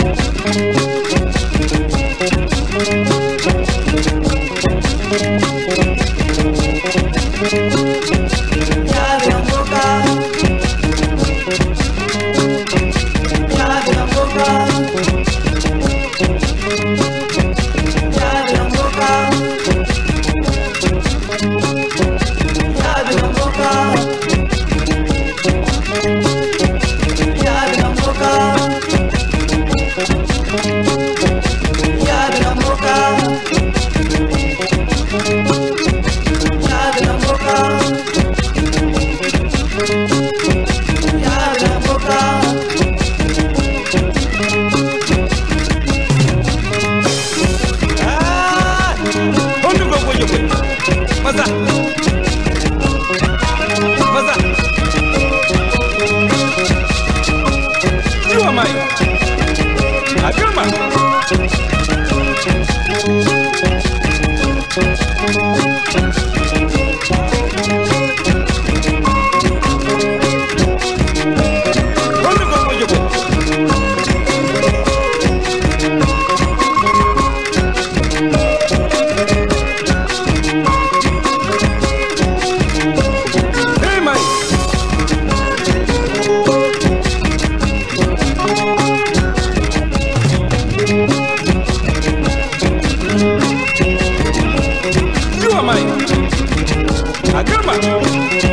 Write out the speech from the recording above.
Thank you. Agrama.